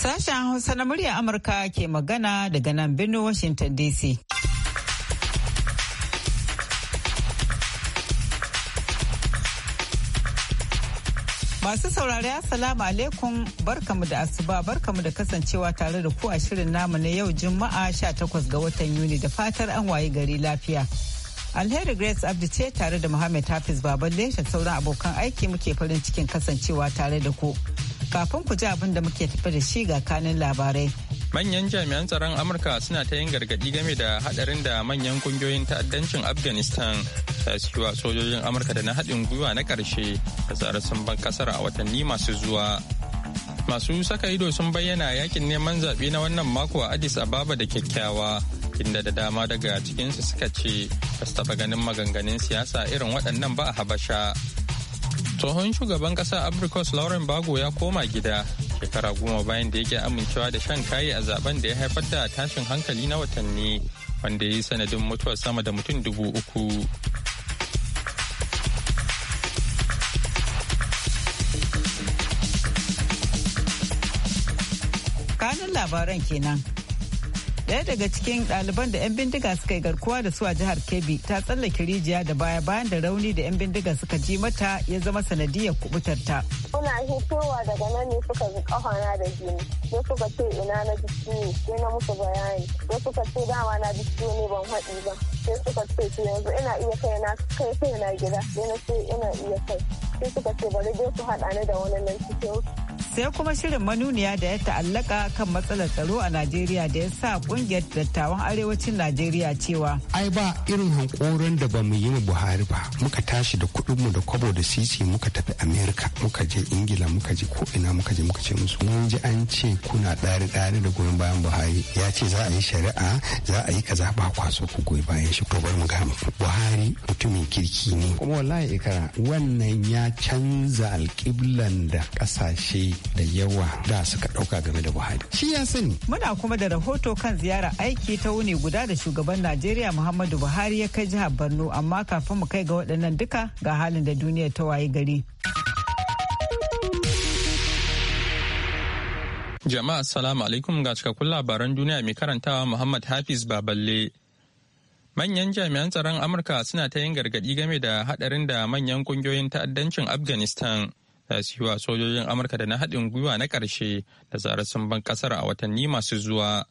Sashen Hausa na murya Amurka ke magana daga nan birnin Washington DC. Masu saurari Assalamu alaikum barkamu da asuba barkamu da kasancewa tare da ku a shirin namu na yau Juma'a 18 ga watan Yuni da fatar an waye gari lafiya. Alheri Grace Abdi ce tare da Muhammad Hafiz Baballe da sauran abokan aiki muke farin cikin kasancewa tare da ku. kafin ku ji abin da muke tafi da shi ga kanin labarai. Manyan jami'an tsaron Amurka suna ta yin gargaɗi game da haɗarin da manyan kungiyoyin ta'addancin Afghanistan ta wa sojojin Amurka da na haɗin gwiwa na ƙarshe da tsare sun ban kasar a watanni masu zuwa. Masu saka ido sun bayyana yakin neman zaɓe na wannan mako a Addis Ababa da kyakkyawa inda da dama daga cikinsu suka ce ba su taɓa ganin maganganun siyasa irin waɗannan ba a Habasha. tsohon shugaban kasa abrikos lauren bago ya koma gida shekara goma bayan da yake amincewa da shan kayi a zaben da ya haifar da tashin hankali na watanni wanda ya yi sanadin mutuwar sama da mutum dubu uku kanun labaran kenan Daya daga cikin ɗaliban da 'yan bindiga suka yi garkuwa da su a jihar Kebbi ta tsallake rijiya da baya bayan da rauni da 'yan bindiga suka ji mata ya zama sanadiyar kubutarta. Muna hitowa daga nan ne suka ji ƙafana da jini. Sai suka ce ina na ji ciwo sai na musu bayani. Sai suka ce dama na ji ciwo ne ban haɗi ba. Sai suka ce yanzu ina iya kai na kai kai na gida. Sai na ce ina iya kai. Sai suka ce bari dai su haɗa ni da wani nan cikin sai kuma shirin manuniya da ya ta'allaka kan matsalar tsaro a najeriya da ya sa kungiyar dattawan arewacin najeriya cewa ai ba irin hankoron da ba mu yi mu buhari ba muka tashi da kuɗinmu da kwabo da sisi muka tafi Amerika muka je ingila muka je ko ina muka je muka ce musu mun ji an ce kuna ɗari ɗari da goyon bayan buhari ya ce za a yi shari'a za a yi kaza ba kwaso ku goyi bayan shi to mu ga buhari mutumin kirki ne kuma wallahi ikara wannan ya canza alƙiblan da ƙasashe da yawa da suka dauka game da Buhari. Shi ya sani. Muna kuma da rahoto kan ziyarar aiki ta wuni guda da shugaban Najeriya Muhammadu Buhari ya kai jihar Borno amma kafin mu kai ga waɗannan duka ga halin da duniya ta wayi gari. Jama'a salamu alaikum ga cikakkun labaran duniya mai karantawa Muhammad Hafiz Baballe. Manyan jami'an tsaron Amurka suna ta yin gargaɗi game da haɗarin da manyan ƙungiyoyin ta'addancin Afghanistan za su wa sojojin amurka da na haɗin gwiwa na ƙarshe da zarar sun ban ƙasar a watanni masu zuwa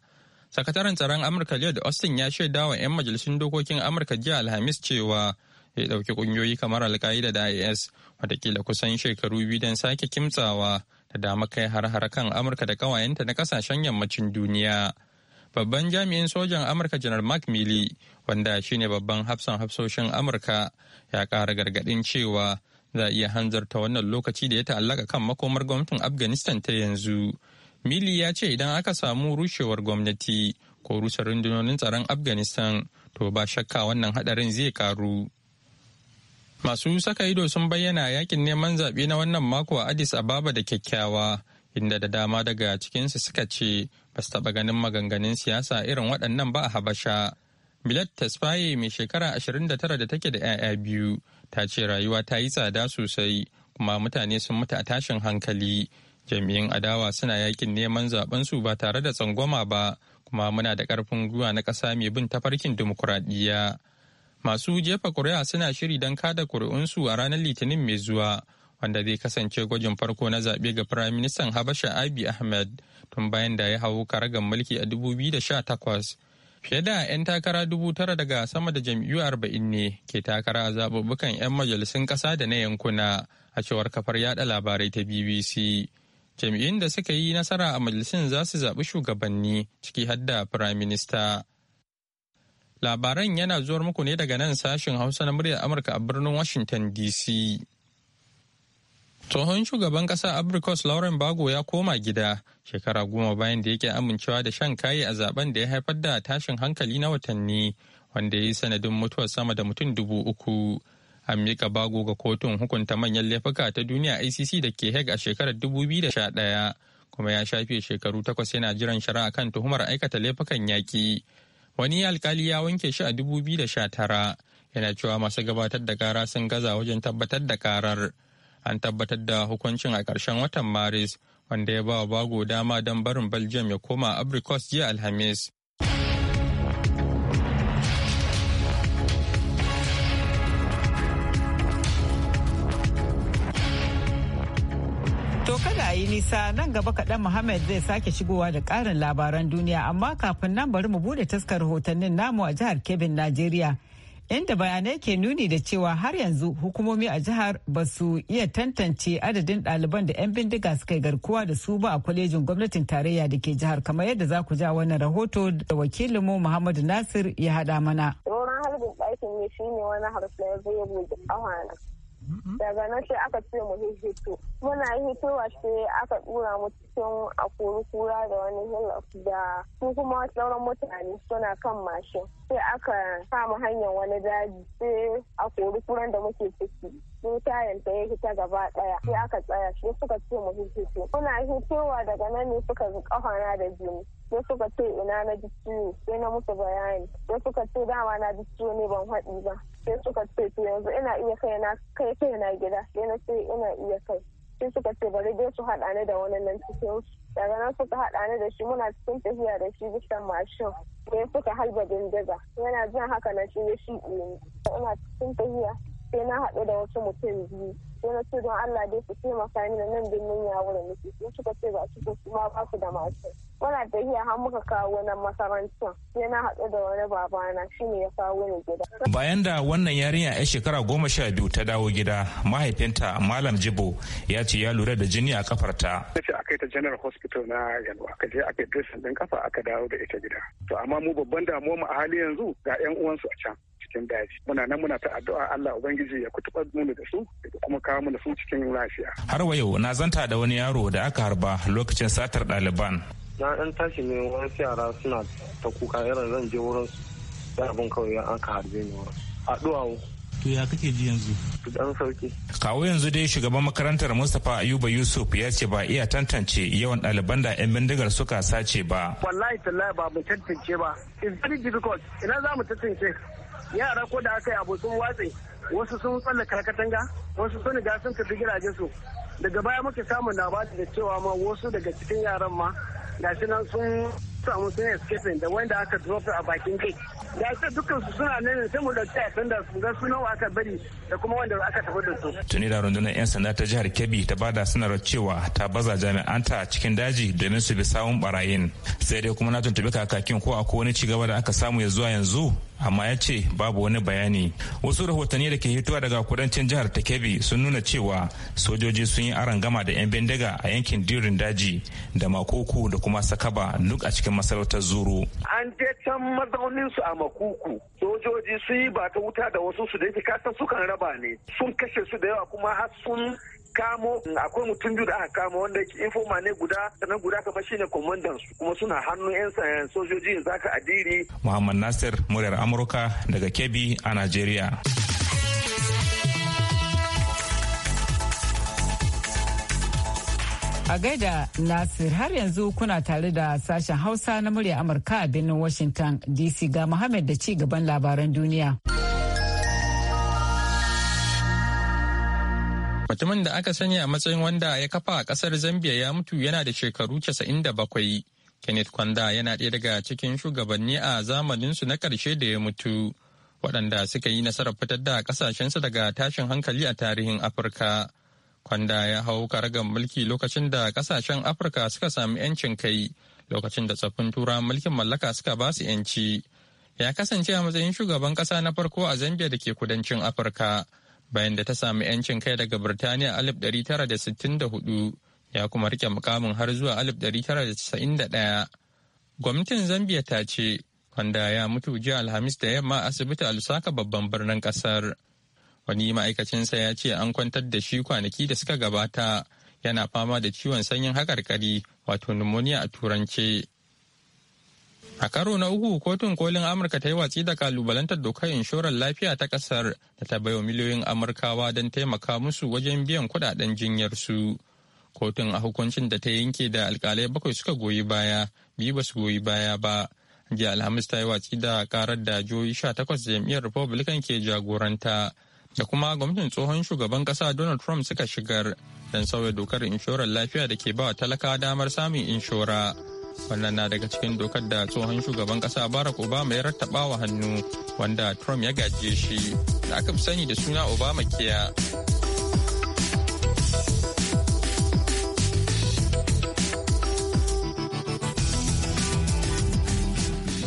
sakataren tsaron amurka lloyd austin ya shaida wa 'yan majalisun dokokin amurka jiya alhamis cewa ya ɗauki ƙungiyoyi kamar alƙa'ida da is watakila kusan shekaru biyu don sake kimtsawa da dama kai har-har kan amurka da ƙawayenta na ƙasashen yammacin duniya babban jami'in sojan amurka janar mark milley wanda shine babban hafsan hafsoshin amurka ya ƙara gargaɗin cewa za a iya hanzarta wannan lokaci da ya ta'allaka kan makomar gwamnatin afghanistan ta yanzu mili ya ce idan aka samu rushewar gwamnati ko rusa rundunonin tsaron afghanistan to ba shakka wannan hadarin zai karu masu saka ido sun bayyana yakin neman zaɓe na wannan mako a addis ababa da kyakkyawa inda da dama daga cikinsu suka ce ba su taɓa ganin maganganun siyasa irin waɗannan ba a habasha milat tasfaye mai shekara 29 da take da 'ya'ya biyu ta ce rayuwa ta yi tsada sosai kuma mutane sun mutu a tashin hankali jami'in adawa suna yakin neman zaben su ba tare da tsangwama ba kuma muna da karfin gwiwa na ƙasa mai bin tafarkin dimokuraɗiyya masu jefa kuri'a suna shiri don kada kuri'unsu a ranar litinin mai zuwa wanda zai kasance gwajin farko na zaɓe ga firayim ministan habasha abi ahmed tun bayan da ya hau karagan mulki a 2018 Fiye da 'yan takara dubu tara daga sama da jam'iyyu arba'in ne ke takara a zaɓuɓɓukan 'yan majalisun ƙasa da na yankuna a cewar kafar yaɗa labarai ta BBC. Jam'iyyun da suka yi nasara a majalisun za su zaɓi shugabanni ciki har da firaminista. Labaran yana zuwar muku ne daga nan sashen Hausa na muryar Amurka a birnin Washington DC. Tsohon shugaban ƙasa Abrikos Lauren Bago ya koma gida shekara goma bayan da yake amincewa da shan kayi a zaben da ya haifar da tashin hankali na watanni wanda ya yi sanadin mutuwar sama da mutum dubu uku. An miƙa Bago ga kotun hukunta manyan laifuka ta duniya ICC da ke Hague a shekarar ɗaya kuma ya shafe shekaru takwas yana jiran shari'a kan tuhumar aikata laifukan yaƙi. Wani alkali ya wanke shi a dubu tara yana cewa masu gabatar da kara sun gaza wajen tabbatar da ƙarar. an tabbatar da hukuncin a ƙarshen watan maris wanda ya ba wa bago dama don barin belgium ya koma abricos jiya alhamis To yi nisa nan gaba kaɗan Muhammad zai sake shigowa da ƙarin labaran duniya amma kafin nan bari mu bude taskar rahotannin namu a jihar Kebbi, Najeriya. inda bayanai ke nuni da cewa har yanzu hukumomi a jihar ba su iya tantance adadin ɗaliban da 'yan bindiga suka yi garkuwa da su ba a kwalejin gwamnatin tarayya da ke jihar kamar yadda za ku ja wannan rahoto da wakilinmu muhammadu nasir ya haɗa mana. Roman harbin ɗakin ne shine wani harfi ya zo ya buɗe daga nan sai aka ce mu hito muna wa sai aka dura mu cikin akori kura da wani hill da su kuma sauran mutane suna kan mashin sai aka kama hanyar wani daji sai akori kuran da muke ciki mu tayan ta ya hita gaba daya sai aka tsaya sai suka ce mu hikice kuna hikewa daga nan ne suka ji kafana da jini sai suka ce ina na ji ciwo sai na musu bayani sai suka ce dama na ji ciwo ne ban haɗi ba sai suka ce to yanzu ina iya kai na kai kai na gida sai na ce ina iya kai sai suka ce bari dai su haɗa ni da wani nan cikin daga nan suka haɗa ni da shi muna cikin tafiya da shi bisan mashin sai suka halba bindiga yana jin haka na shi ya shi ina cikin tafiya sai na haɗu da wasu mutum biyu sai na ce don Allah dai su taimaka mini nan birnin yawon da nake sun suka ce ba su su ma ba su da Wana da iya har muka kawo wannan makarantar sai na haɗu da wani babana shi ne ya kawo ni gida. bayan da wannan yarinya ya shekara goma sha biyu ta dawo gida mahaifinta malam jibo ya ce ya lura da jini a kafarta. na ce aka yi ta general hospital na yalwa aka je aka yi dressing ɗin kafa aka dawo da ita gida to amma mu babban damuwa mu a hali yanzu ga 'yan uwansu a can cikin daji muna nan muna ta addu'a Allah ubangiji ya kutubar mu da su da kuma kawo mu da su cikin lafiya har wa yau na zanta da wani yaro da aka harba lokacin satar ɗaliban na dan tashi ne wasu yara suna ta kuka irin zan je wurin su da abin kawai an ka harbe ni wurin addu'a to ya kake ji yanzu dan sauki kawo yanzu dai shugaban makarantar mustapha ayuba yusuf ya ce ba iya tantance yawan ɗaliban da yan bindigar suka sace ba wallahi tallahi ba mu tantance ba it's very difficult ina za mu tantance yara ko da aka yi abu sun watse wasu sun tsallaka katanga wasu sun ga sun tafi gidajen su daga baya muke samun labari da cewa ma wasu daga cikin yaran ma gashi nan sun samu sun escaping da wanda aka drop a bakin gate da su dukkan suna nan sai mu dauki akan da su ga aka bari da kuma wanda aka tafi da su tuni da rundunar yan sanda ta jihar Kebbi ta bada sanarwar cewa ta baza jami'anta a cikin daji domin su bi sawun barayin sai dai kuma na tuntubi kakakin ko akwai wani cigaba da aka samu ya zuwa yanzu amma ya ce babu wani bayani wasu rahotanni da ke hituwa daga kudancin jihar ta kebbi sun nuna cewa sojoji sun yi aron gama da 'yan bindiga a yankin dirin daji da makoko da kuma sakaba duk a cikin masarautar zuru an je can mazauninsu a makuku sojoji sun yi ba ta wuta da wasu su da yake kasan sukan raba ne sun kashe su da yawa kuma har sun kamo akwai mutum biyu da aka kamo wanda yake informa ne guda sannan guda kama shine komandan su kuma suna hannun yan sayan sojoji zaka adiri muhammad nasir muryar amurka daga kebbi a nigeria. A gaida Nasir har yanzu kuna tare da sashen Hausa na murya Amurka a birnin Washington DC ga Muhammad da ci gaban labaran duniya. Mutumin da aka sani a matsayin wanda ya kafa a kasar Zambia ya mutu yana da shekaru 97. Kenneth Kwanda yana ɗaya daga cikin shugabanni a zamaninsu na ƙarshe da ya mutu. Waɗanda suka yi nasarar fitar da ƙasashensu daga tashin hankali a tarihin Afirka. Kwanda ya hau karagar mulki lokacin da kasashen Afirka suka sami 'yancin kai lokacin da tsaffin tura mulkin mallaka suka ba su 'yanci. Ya kasance a matsayin shugaban ƙasa na farko a Zambia da ke kudancin Afirka bayan da ta sami 'yancin kai daga Birtaniya 1964 ya kuma rike mukamin har zuwa 1991. Gwamnatin Zambia ta ce, Kwanda ya mutu jiya Alhamis da yamma asibiti a Lusaka babban birnin ƙasar. wani ma'aikacinsa ya ce an kwantar da shi kwanaki da suka gabata yana fama da ciwon sanyin hakarkari wato pneumonia a turance a karo na uku kotun kolin amurka ta yi watsi da kalubalantar dokar inshorar lafiya ta kasar da ta baiwa miliyoyin amurkawa don taimaka musu wajen biyan kuɗaɗen jinyarsu kotun a hukuncin da ta yanke da alkalai bakwai suka goyi baya biyu ba su goyi baya ba jiya alhamis ta yi watsi da karar da jihohi sha takwas jam'iyyar republican ke jagoranta da kuma gwamnatin tsohon shugaban kasa donald trump suka shigar don sauya dokar inshorar lafiya da ke ba talaka damar samun inshora wannan na daga cikin dokar da tsohon shugaban kasa barack obama ya rattaba wa hannu wanda trump ya gaje shi da aka fi sani da suna obama kiya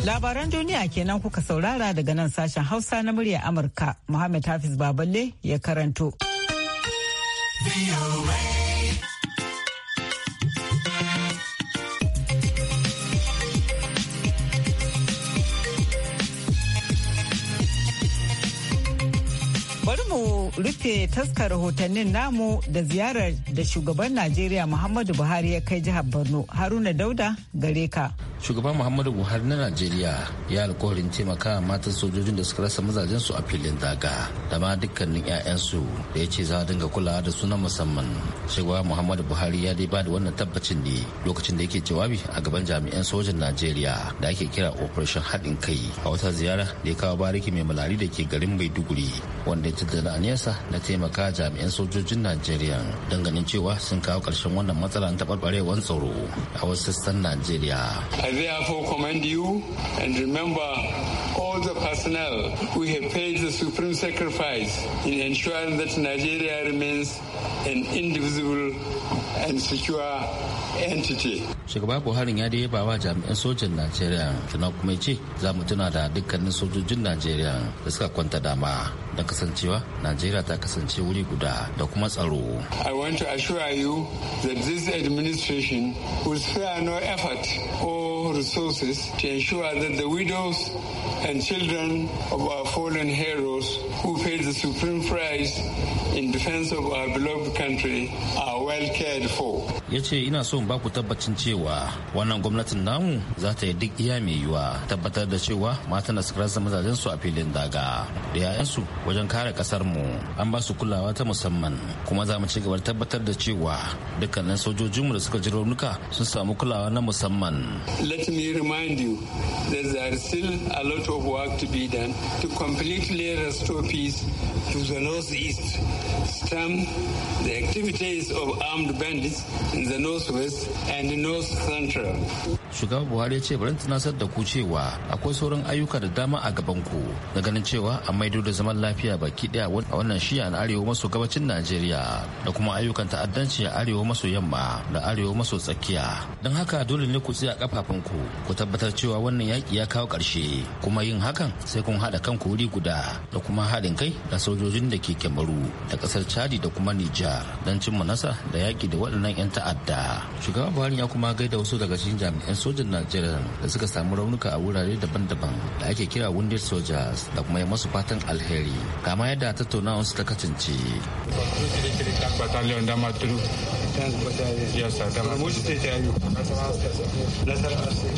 Labaran duniya kenan kuka saurara daga nan sashen Hausa na murya Amurka. Muhammad Hafiz Baballe ya karanto. rufe taskar rahotannin namu da ziyarar da shugaban Najeriya Muhammadu Buhari ya kai jihar Borno, Haruna Dauda gare ka. Shugaban muhammadu buhari na najeriya ya alkawarin taimaka matan sojojin da suka rasa mazajensu a filin daga da ma dukkanin 'ya'yansu da ya ce za a dinga kulawa da suna na musamman shugaba muhammadu buhari ya dai ba da wannan tabbacin ne lokacin da yake jawabi a gaban jami'an sojan najeriya da ake kira operation haɗin kai a wata ziyara da ya kawo bariki mai malari da ke garin maiduguri wanda ya a aniyarsa na taimaka jami'an sojojin najeriya don ganin cewa sun kawo ƙarshen wannan matsalar taɓarɓarewar tsaro a wasu sassan najeriya I therefore commend you and remember all the personnel who have paid the supreme sacrifice in ensuring that Nigeria remains an indivisible and secure entity. Shugaba Buhari ya dai wa jami'an sojan Najeriya tana kuma ce za mu tuna da dukkanin sojojin Najeriya da suka kwanta dama da kasancewa Najeriya ta kasance wuri guda da kuma tsaro. I want to assure you that this administration will spare no effort or resources to ensure that the widows and and children of our fallen heroes who paid the supreme price in defense of our beloved country are well cared for. ya ce ina so in baku tabbacin cewa wannan gwamnatin namu za ta yi duk iya mai yiwuwa tabbatar da cewa matan da suka rasa mazajen su a filin daga da 'ya'yansu wajen kare kasar mu an ba su kulawa ta musamman kuma za mu ci gaba tabbatar da cewa dukkanin mu da suka ji raunuka sun samu kulawa na musamman. Let me remind you that there is still a lot of of work to be done to completely restore peace to the northeast, stem the activities of armed bandits in the northwest and north central. Shugaba Buhari ya ce bari tunasar da ku cewa akwai sauran ayyuka da dama a gaban ku na ganin cewa a maido da zaman lafiya baki daya a wannan shiya na arewa maso gabacin Najeriya da kuma ayyukan ta'addanci a arewa maso yamma da arewa maso tsakiya. Don haka dole ne ku tsaya kafafun ku ku tabbatar cewa wannan yaki ya kawo ƙarshe kuma yin hakan sai kun haɗa kan kori guda da kuma haɗin kai da sojojin da ke kyamaru da ƙasar chadi da kuma nijar don cimma nasa da yaƙi da waɗannan 'yan ta'adda shugaba buhari ya kuma gaida wasu daga cikin jami'an sojan najeriya da suka samu raunuka a wurare daban-daban da ake kira wounded soldiers da kuma yi masu fatan alheri kama yadda tattaunawar su ta kasance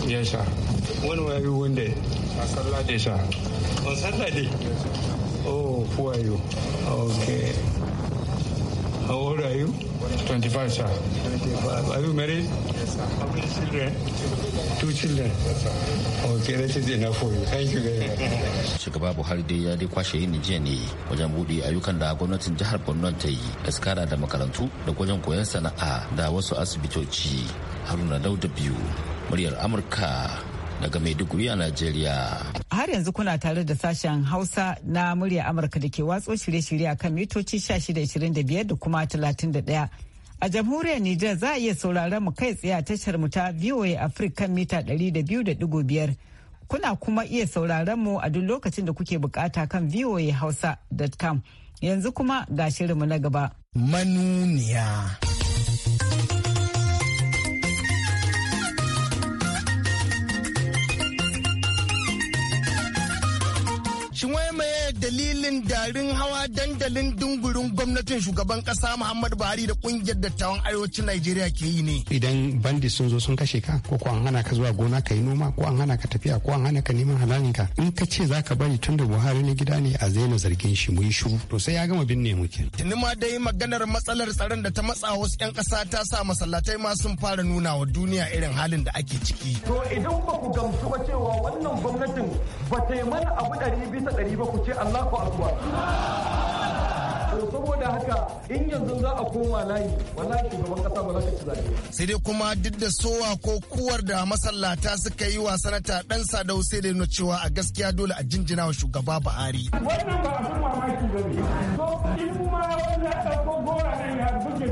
Yes, sir. wani when were you wounded? Saturday, sir. On Saturday? Oh, who are you? Okay. How old are you? 25, sir. 25. Are you married? Yes, sir. How many children? Two children. Yes, sir. Okay, that is enough for you. Thank you very much. Shugaba Buhari dai ya dai kwashe yin jiya ne wajen buɗe ayyukan da gwamnatin jihar Borno ta yi da skara da makarantu da wajen koyon sana'a da wasu asibitoci. Haruna Dauda biyu, muryar Amurka daga Maiduguri a Najeriya. Har yanzu kuna tare da sashen Hausa na murya Amurka da ke watso shirye-shirye kan mitoci 1625 da kuma 31. A jamhuriyar Nijar za a iya sauraron mu kai tsaye a tashar mu ta VOA Africa mita 200.5. Kuna kuma iya sauraron mu a duk lokacin da kuke bukata kan voahausa.com. Yanzu kuma ga shirinmu na gaba. Manuniya. dalilin darin hawa dandalin dungurin gwamnatin shugaban kasa Muhammadu Buhari da kungiyar dattawan arewacin Najeriya ke yi ne. Idan bandi sun zo sun kashe ka ko ko an hana ka zuwa gona ka yi noma ko an hana ka tafiya ko an hana ka neman halalin ka in ka ce za ka bari tun da Buhari na gida ne a zaina zargin shi mu yi shiru to sai ya gama binne mu ke. Tuni ma dai maganar matsalar tsaron da ta matsa wasu 'yan kasa ta sa masallatai ma sun fara nuna wa duniya irin halin da ake ciki. To idan ba ku gamsu ba cewa wannan gwamnatin ba ta yi mana abu ɗari bisa ɗari ba ku ce Allah ku saboda haka in yanzu za a koma layi wallahi shugaban kasa ba za ka ci sai dai kuma duk da sowa ko kuwar da masallata suka yi wa sanata dan sadau sai da nuna cewa a gaskiya dole a jinjina wa shugaba Buhari wannan ba abun mamaki ne. to in kuma wani ya dauko gora ne ya buge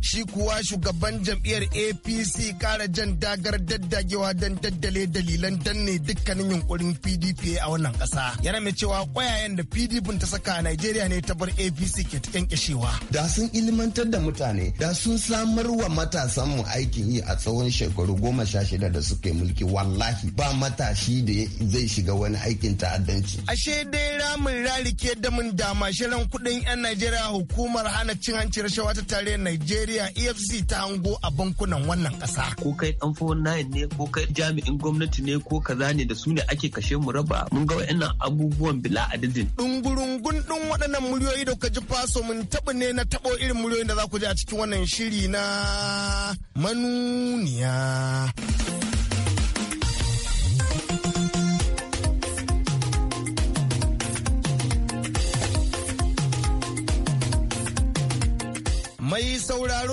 Shi kuwa shugaban jam'iyyar APC kara jan dagar daddagewa don daddale dalilan danne dukkanin yunkurin PDP a wannan kasa Yana mai cewa ƙwayayen da PDP ta saka a Najeriya ne ta bar APC ke ta kyankyashewa. Da sun ilmantar da mutane, da sun samar wa matasanmu aikin yi a tsawon shekaru goma sha shida da suke mulki wallahi ba matashi da zai shiga wani aikin ta'addanci. Ashe dai ramin rarike da mun dama shirin kuɗin 'yan Najeriya hukumar hana cin hanci rashawa ta tare tare Nigeria EFC ta hango a bankunan wannan kasa Ko kai ɗan fowon nayin ne ko kai jami'in gwamnati ne ko kaza ne da su ne ake kashe mu raba mun ga wa'annan abubuwan bila adadin. Ɗungurungun ɗin waɗannan muryoyi da kuka ji faso mun taɓa ne na taɓo irin muryoyin da za ku ji a cikin wannan shiri na manuniya. Yi sauraro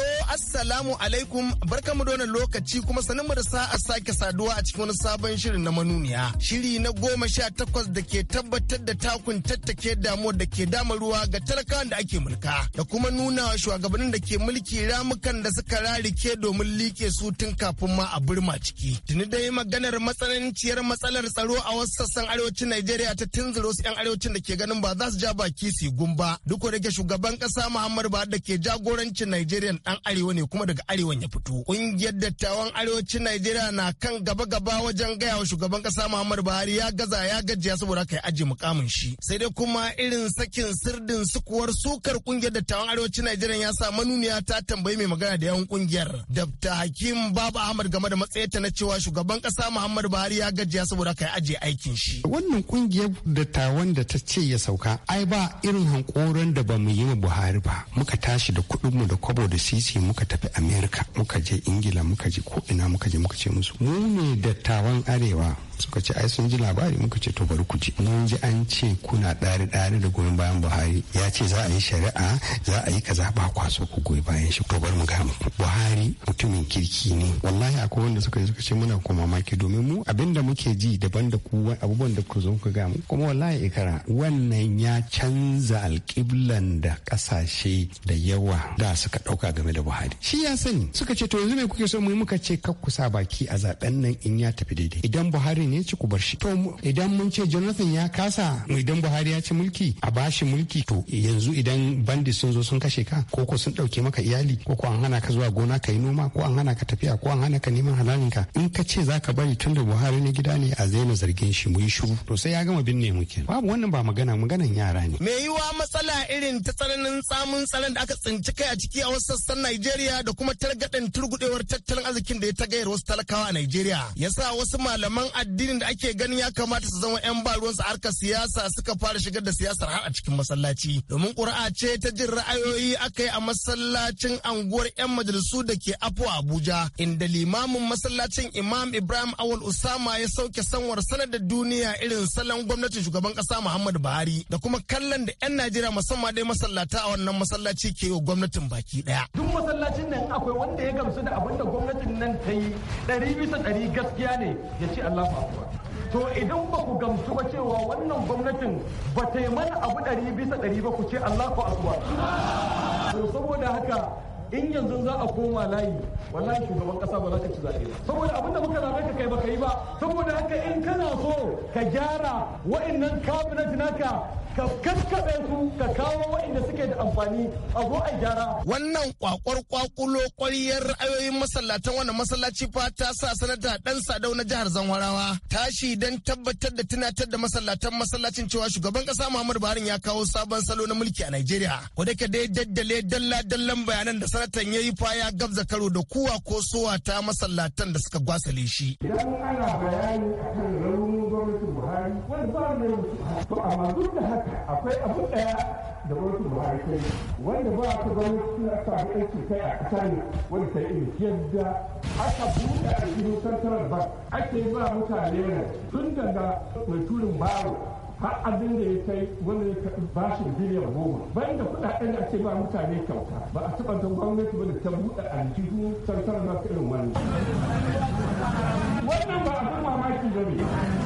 Assalamu alaikum barkamu da wannan lokaci kuma sanin mu da sa'a sake saduwa a cikin wani sabon shirin na manuniya. Shiri na goma sha takwas da ke tabbatar da takun tattake damuwar da ke dama ruwa ga talakawan da ake mulka da kuma nuna wa shugabannin da ke mulki ramukan da suka rarike domin like su tun kafin ma a birma ciki. Tuni dai maganar matsananciyar matsalar tsaro a wasu sassan arewacin Najeriya ta tunzuro wasu 'yan arewacin da ke ganin ba za su ja baki su gumba. Duk da shugaban kasa Muhammadu Buhari da ke jagorancin Najeriya dan arewa ne kuma daga arewan ya fito ƙungiyar dattawan arewacin najeriya na kan gaba-gaba wajen gaya wa shugaban kasa muhammadu buhari ya gaza ya gajiya saboda haka yi aji mukamin shi sai dai kuma irin sakin sirdin sukuwar sukar ƙungiyar dattawan arewacin najeriya ya sa manuniya ta tambayi mai magana da yawan ƙungiyar dabta hakim baba ahmad game da ta na cewa shugaban kasa muhammadu buhari ya gajiya saboda ka yi ajiye aikin shi wannan ƙungiyar dattawan da ta ce ya sauka ai ba irin hankoron da ba mu yi wa buhari ba muka tashi da kuɗinmu da kwabo da sisi muka tafi america muka je ingila muka je ko ina muka je muka ce musu mu ne dattawan arewa suka ce ai sun ji labari muka ce to bari ku ji mun ji an ce kuna ɗari ɗari da goyon bayan buhari ya ce za a yi shari'a za a yi kaza ba kwaso ku goyi bayan shi to bari mu ga muku buhari mutumin kirki ne wallahi akwai wanda suka suka ce muna ko mamaki domin mu abinda muke ji daban da ku abubuwan da ku zo kuka ga mu kuma wallahi ikara wannan ya canza alƙiblan da ƙasashe da yawa da suka ɗauka game da buhari shi ya sani suka ce to yanzu me kuke so mu yi muka ce sa baki a zaben nan in ya tafi daidai idan buhari wannan ne ci ku bar shi. To idan mun ce Jonathan ya kasa idan Buhari ya ci mulki a bashi mulki to yanzu idan bandi sun zo sun kashe ka ko ko sun dauke maka iyali ko ko an hana ka zuwa gona ka yi noma ko an hana ka tafiya ko an hana ka neman halalin ka in ka ce zaka bari tun da Buhari ne gida ne a zaina zargin shi mu yi shiru to sai ya gama binne mu ke. Babu wannan ba magana maganan yara ne. Me yiwa matsala irin ta tsananin samun tsaron da aka tsinci kai a ciki a wasu sassan Najeriya da kuma targaɗin turgudewar tattalin arzikin da ya ta gayar wasu talakawa a Najeriya. Yasa wasu malaman addini addinin da ake ganin ya kamata su zama 'yan su harkar siyasa suka fara shigar da siyasar har a cikin masallaci domin ƙuri'a ce ta jin ra'ayoyi aka yi a masallacin anguwar 'yan majalisu da ke afo abuja inda limamin masallacin imam ibrahim awal usama ya sauke sanwar sanar da duniya irin salon gwamnatin shugaban ƙasa muhammadu buhari da kuma kallon da 'yan najeriya musamman dai masallata a wannan masallaci ke yi wa gwamnatin baki ɗaya. duk masallacin nan akwai wanda ya gamsu da abin da gwamnatin nan ta yi ɗari bisa ɗari gaskiya ne ya ce allahu to idan ba ku gamsu ba cewa wannan gwamnatin ba ta yi mana abu ɗari bisa ɗari ba ku ce ku asuwa. to saboda haka in yanzu za a koma layi wallahi shugaban kasa ba za ka ci zaɓe ba saboda abin da muka zaɓe ka kai ba ka yi ba saboda haka in kana so ka gyara wa'annan kabinet naka ka kaskabe su ka kawo waɗanda suke da amfani a zo gyara. Wannan kwakwar kwakulo kwariyar ra'ayoyin masallatan wannan masallaci fa ta sa sanata dan sadau na jihar Zamwarawa tashi don tabbatar da tunatar da masallatan masallacin cewa shugaban ƙasa Muhammadu Buhari ya kawo sabon salo na mulki a Najeriya. Ko da dai daddale dalla dallan bayanan da sanatan ya yi fa ya gabza karo da kuwa ko sowa ta masallatan da suka gwasale shi. Idan ana bayani akan raunin gwamnatin nan wani ba mai to amma duk da haka akwai abu daya da wasu buhari kai wanda ba ta gwamnati na samu aiki kai a ƙasa ne wanda ta yi yadda aka buɗe a cikin central bank ake ba mutane ne tun daga mai turin baro har abin da ya kai wani bashin biliyan goma bayan da kuɗaɗen da ake ba mutane kyauta ba a taɓa don gwamnati ba da ta buɗe aljihu ba bank irin wani wannan ba abin mamaki ba ne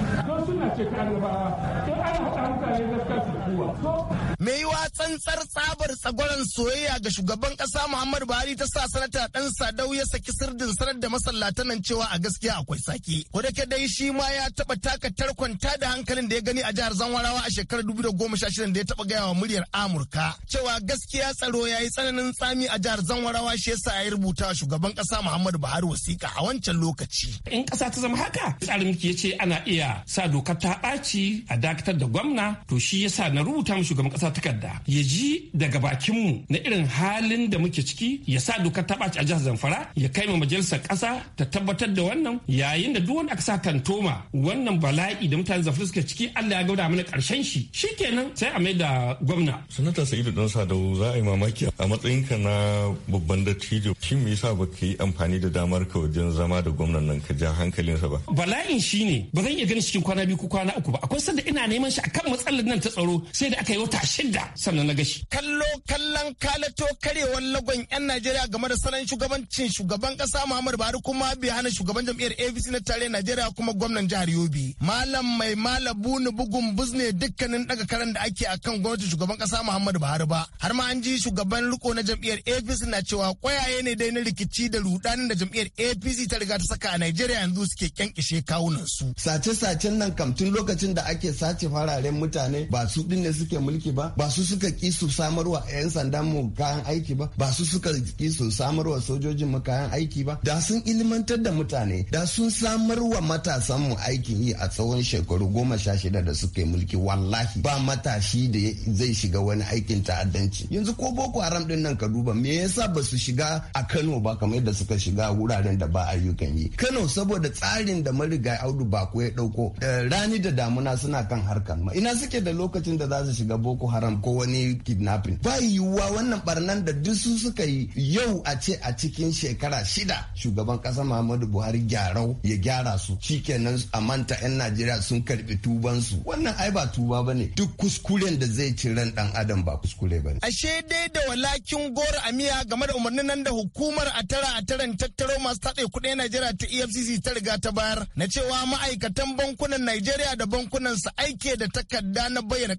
Mai yi to tsantsar tsabar tsagwaron soyayya ga shugaban ƙasa Muhammadu Buhari ta sa sanata ɗan Sadau ya saki sirdin sanar da masallata nan cewa a gaskiya akwai saki. ke dai shi ma ya taɓa taka tarkwanta da hankalin da ya gani a jihar Zanwarawa a shekarar 2016 da ya taɓa gaya wa muryar Amurka cewa gaskiya tsaro ya yi tsananin tsami a jihar Zanwarawa shi yasa ya rubuta shugaban ƙasa Muhammadu Buhari wasiƙa a wancan lokaci. In ƙasa ta zama haka tsarin ya ce ana iya sa dokar ta ta ɓaci a dakatar da gwamna to shi yasa na rubuta mu shugaban ƙasa takarda ya ji daga bakin mu na irin halin da muke ciki ya sa dokar ta ɓaci a jihar Zamfara ya kai ma majalisar ƙasa ta tabbatar da wannan yayin da duk wanda aka sa kantoma wannan bala'i da mutanen Zamfara suke ciki Allah ya gauda mana ƙarshen shi Shi shikenan sai a mai da gwamna. Sanata Sa'idu Dan Sadau za a yi mamaki a matsayinka na babban dattijo shin me yasa baka yi amfani da damar ka wajen zama da gwamnan nan ka ja hankalinsa ba. Bala'in shine ba zan iya ganin cikin kwana biyu ko kwana uku ba akwai sanda ina neman shi akan matsalar nan ta tsaro sai da aka yi wata shida sannan na gashi kallo kallon kalato karewar lagon yan Najeriya game da salon shugabancin shugaban kasa Muhammadu Buhari kuma bai hana shugaban jam'iyyar APC na tare Najeriya kuma gwamnan jihar Yobe malam mai malabu ni bugun buzne dukkanin daga karan da ake akan gwamnatin shugaban kasa Muhammadu Buhari ba har ma an ji shugaban riko na jam'iyyar APC na cewa kwayaye ne dai na rikici da rudanin da jam'iyyar APC ta riga ta saka a Najeriya yanzu suke kyankishe kawunan su sace-sacen nan kam tun lokacin da ake sace fararen mutane ba su din ne suke mulki ba ba su suka ki su samarwa 'yan sandan mu kayan aiki ba ba su suka ki su samarwa sojojin mu kayan aiki ba da sun ilmantar da mutane da sun samarwa matasan mu aikin yi a tsawon shekaru goma sha shida da suke mulki wallahi ba matashi da zai shiga wani aikin ta'addanci yanzu ko boko haram din nan ka duba me yasa ba su shiga a kano ba kamar yadda suka shiga wuraren da ba ayyukan yi kano saboda tsarin da mariga audu ba ya dauko eh, ran rani da damuna suna kan harkan ma ina suke da lokacin da za su shiga boko haram ko wani kidnapping ba yiwuwa wannan barnan da dusu suka yi yau a ce a cikin shekara shida shugaban kasa muhammadu buhari gyarau ya gyara su shikenan a manta yan najeriya sun karbi tuban su wannan ai ba tuba bane duk kuskuren da zai ci ran dan adam ba kuskure bane ashe dai da walakin goro miya game da umarnin nan da hukumar a tara a taran tattaro masu tatse kuɗin najeriya ta efcc ta riga ta bayar na cewa ma'aikatan bankunan najeriya najeriya da bankunan su aike da takarda na bayyana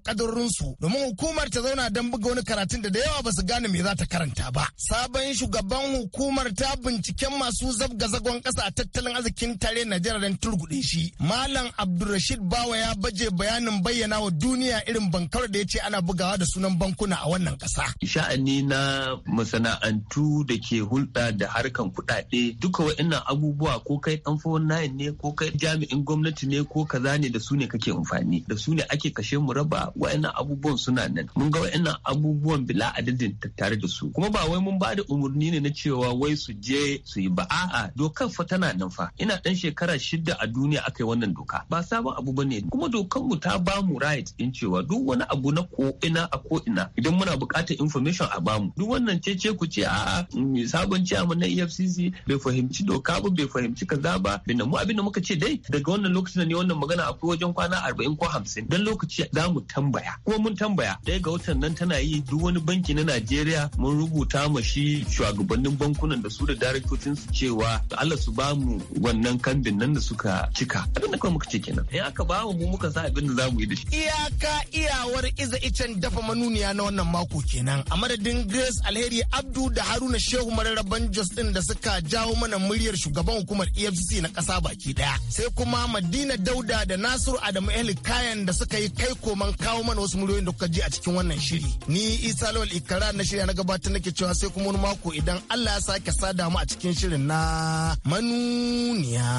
su domin hukumar ta zauna don buga wani karatun da da yawa ba su gane me za ta karanta ba sabon shugaban hukumar ta binciken masu zabga zagon kasa a tattalin arzikin tare najeriya don turgude shi malam abdulrashid bawa ya baje bayanin bayyana wa duniya irin bankar da ya ce ana bugawa da sunan bankuna a wannan kasa sha'ani na masana'antu da ke hulɗa da harkan kuɗaɗe duka waɗannan abubuwa ko kai ɗan fowon ne ko kai jami'in gwamnati ne ko kaza ne da su ne kake amfani da su ne ake kashe mu raba wa'annan abubuwan suna nan mun ga wa'annan abubuwan bila adadin tattare da su kuma ba wai mun ba da umarni ne na cewa wai su je su yi ba a'a dokar fa tana nan fa ina dan shekara shida a duniya aka yi wannan doka ba sabon abu bane kuma dokar mu ta ba mu right in cewa duk wani abu na ko ina a ko ina idan muna buƙatar information a bamu duk wannan cece ku ce a'a mm, sabon ciyaman na EFCC bai fahimci doka ba bai fahimci kaza ba bin mu abin da muka ce dai daga wannan lokacin ne wannan magana a tafi wajen kwana arba'in ko hamsin dan lokaci za mu tambaya kuma mun tambaya daya ga watan nan tana yi duk wani banki na najeriya mun rubuta ma shi shugabannin bankunan da su da daraktocin su cewa allah su ba mu wannan kambin nan da suka cika abin da kuma muka ce kenan in aka ba mu muka sa abin da za mu yi da shi iyaka iyawar iza icen dafa manuniya na wannan mako kenan a madadin grace alheri abdu da haruna shehu mararraban jos din da suka jawo mana muryar shugaban hukumar efcc na kasa baki daya sai kuma madina dauda da na Nasiru Adamu Ehli kayan da suka yi kai koman kawo mana wasu muryoyin da kuka ji a cikin wannan shiri. Ni Isa Lawal Ikara na shirya na gabatar nake cewa sai kuma wani mako idan Allah ya sake sada mu a cikin shirin na manuniya.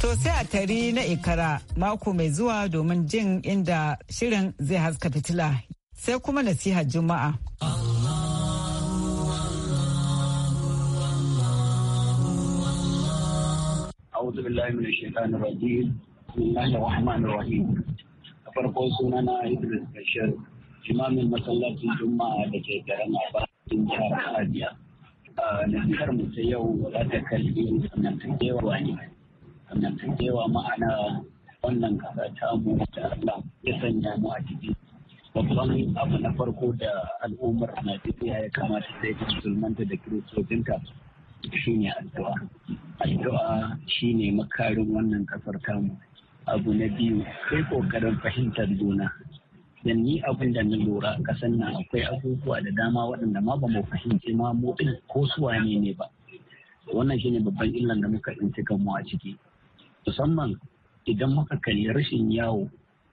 To sai a tari na ikara mako mai zuwa domin jin inda shirin zai haska fitila sai kuma nasiha juma'a. أعوذ بالله من الشيطان farko sunana Idris Bashir imamin masallacin Juma'a da ke garin Abadin jihar Abadiya. Nasihar mu ta yau za ta kalli zamantakewa ne. Zamantakewa ma'ana wannan kasa ta mu da Allah ya sanya mu a cikin babban abu na farko da al'ummar Najeriya ya kamata sai ta musulmanta da kiristocinta shine addu'a. Addu'a shi ne makarin wannan kasar kamu. Abu na biyu sai kokarin fahimtar juna. Dan ni abin da na lura kasan nan akwai abubuwa da dama waɗanda ma ba mu fahimci ma mu ko su wane ne ba. Wannan shine babban illan da muka tsinci mu a ciki. Musamman idan muka kalli rashin yawo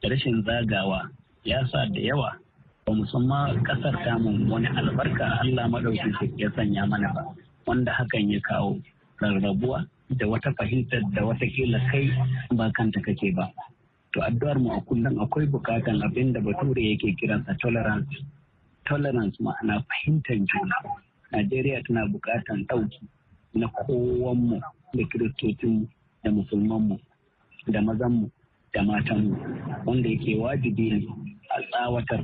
da rashin zagawa ya sa da yawa ba musamman kasar tamun wani albarka Allah madauki ya sanya mana ba wanda hakan ya kawo rarrabuwa da wata fahimtar da wata kila kai ba kanta kake ba to addu'ar mu a kullum akwai bukatan abin da bature yake sa tolerance tolerance ma'ana fahimtar juna Najeriya tana bukatan ɗauki na kowanmu da kiristocinmu da musulmanmu da mazanmu da matanmu wanda yake wajibi ne a tsawatar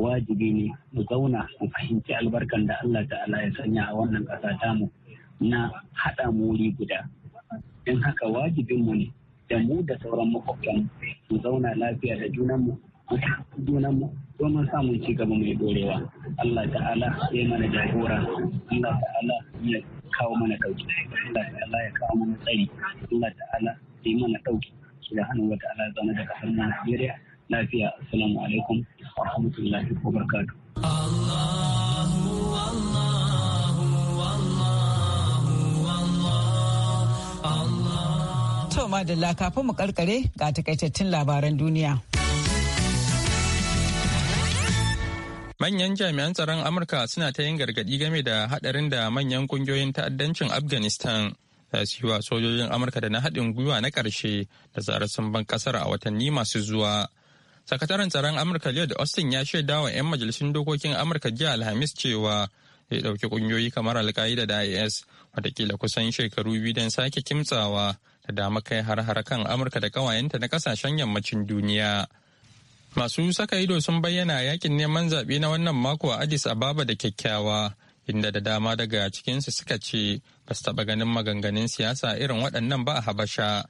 wajibi ne mu zauna mu fahimci albarkan da Allah ta'ala ya sanya a wannan ƙasa mu na haɗa muri guda don haka wajibinmu ne da mu da sauran makwabtan mu zauna lafiya da junanmu mu junanmu domin samun ci gaba mai dorewa Allah ta'ala ya mana jagora Allah ta'ala ya kawo mana dauki Allah ta'ala ya kawo mana tsari Allah ta'ala ya mana dauki subhanahu wa ta'ala ya zama daga kasar Najeriya lafiya assalamu alaikum wa rahmatullahi wa barakatuh Allahu Allahu Allahu Allah To madalla kafin mu karkare ga takaitattun labaran duniya Manyan jami'an tsaron Amurka suna ta yin gargaɗi game da haɗarin da manyan ƙungiyoyin ta'addancin Afghanistan za sojojin amurka da na haɗin gwiwa na ƙarshe da zarar sun ban ƙasar a watanni masu zuwa sakataren tsaron amurka lloyd austin ya shaida wa 'yan majalisun dokokin amurka jiya alhamis cewa zai ɗauki ƙungiyoyi kamar alƙa'ida da is watakila kusan shekaru biyu don sake kimtsawa da dama kai har-har kan amurka da ƙawayenta na ƙasashen yammacin duniya masu saka ido sun bayyana yakin neman zaɓe na wannan mako a addis ababa da kyakkyawa inda da dama daga cikinsu suka ce ba su taɓa ganin maganganun siyasa irin waɗannan ba a habasha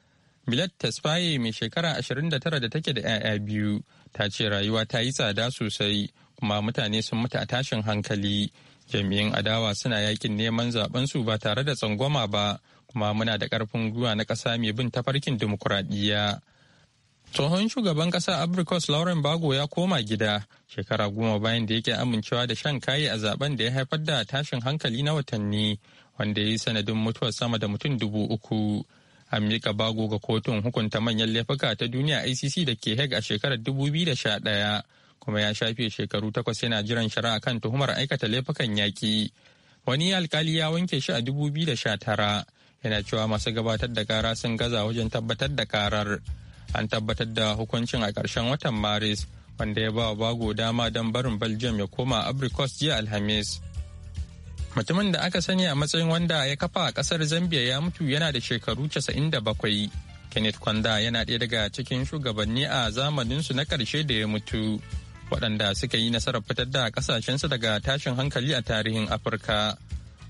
milet tasfaye mai shekara 29 da take da 'ya'ya biyu ta ce rayuwa ta yi tsada sosai kuma mutane sun mutu a tashin hankali jami'in adawa suna yakin neman zaben su ba tare da tsangwama ba kuma muna da ƙarfin gwiwa na ƙasa mai bin tafarkin dimokuraɗiyya Tsohon shugaban kasa Abrikos Lauren Bago ya koma gida shekara goma bayan da yake amincewa da shan kayi a zaben da ya haifar da tashin hankali na watanni wanda ya yi sanadin mutuwar sama da mutum dubu uku. An mika Bago ga kotun hukunta manyan laifuka ta duniya ICC da ke Hague a shekarar ɗaya kuma ya shafe shekaru takwas yana jiran shari'a kan tuhumar aikata laifukan yaƙi. Wani alkali ya wanke shi a tara yana cewa masu gabatar da kara sun gaza wajen tabbatar da ƙarar. an tabbatar da hukuncin a ƙarshen watan maris wanda ya ba bago dama don barin belgium ya koma abricos jiya alhamis mutumin da aka sani a matsayin wanda ya kafa a ƙasar zambia ya mutu yana da shekaru 97 kenneth kwanda yana ɗaya daga cikin shugabanni a zamaninsu na ƙarshe da ya mutu waɗanda suka yi nasarar fitar da ƙasashensu daga tashin hankali a tarihin afirka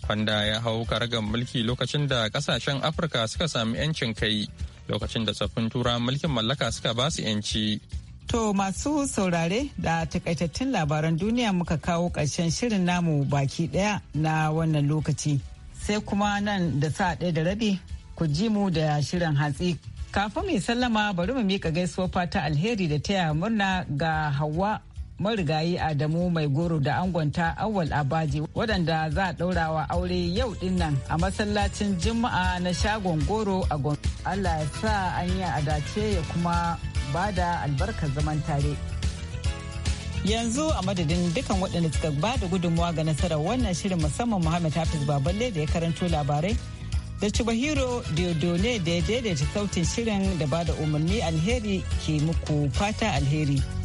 kwanda ya hau karagar mulki lokacin da ƙasashen afirka suka sami 'yancin kai lokacin da tsaffin tura mulkin mallaka suka ba su 'yanci. To masu saurare da takaitattun labaran duniya muka kawo ƙarshen shirin namu baki ɗaya na wannan lokaci. Sai kuma nan da sa ɗaya da rabi ku ji mu da shirin hatsi. Kafin mai sallama bari mu miƙa gaisuwar fata alheri da taya murna ga Hauwa marigayi Adamu mai goro da angonta Awal Abaji waɗanda za a wa aure yau ɗin nan a masallacin Juma'a na shagon goro a gon. Allah ya sa an yi adace ya kuma bada albarkar zaman tare. Yanzu a madadin dukan waɗanda suka ba da gudunmawa ga nasarar wannan shirin musamman Muhammad Hafiz Baballe da ya karanto labarai da Chubahiro Diodone da ya daidaita sautin shirin da ba da umarni alheri ke muku fata alheri.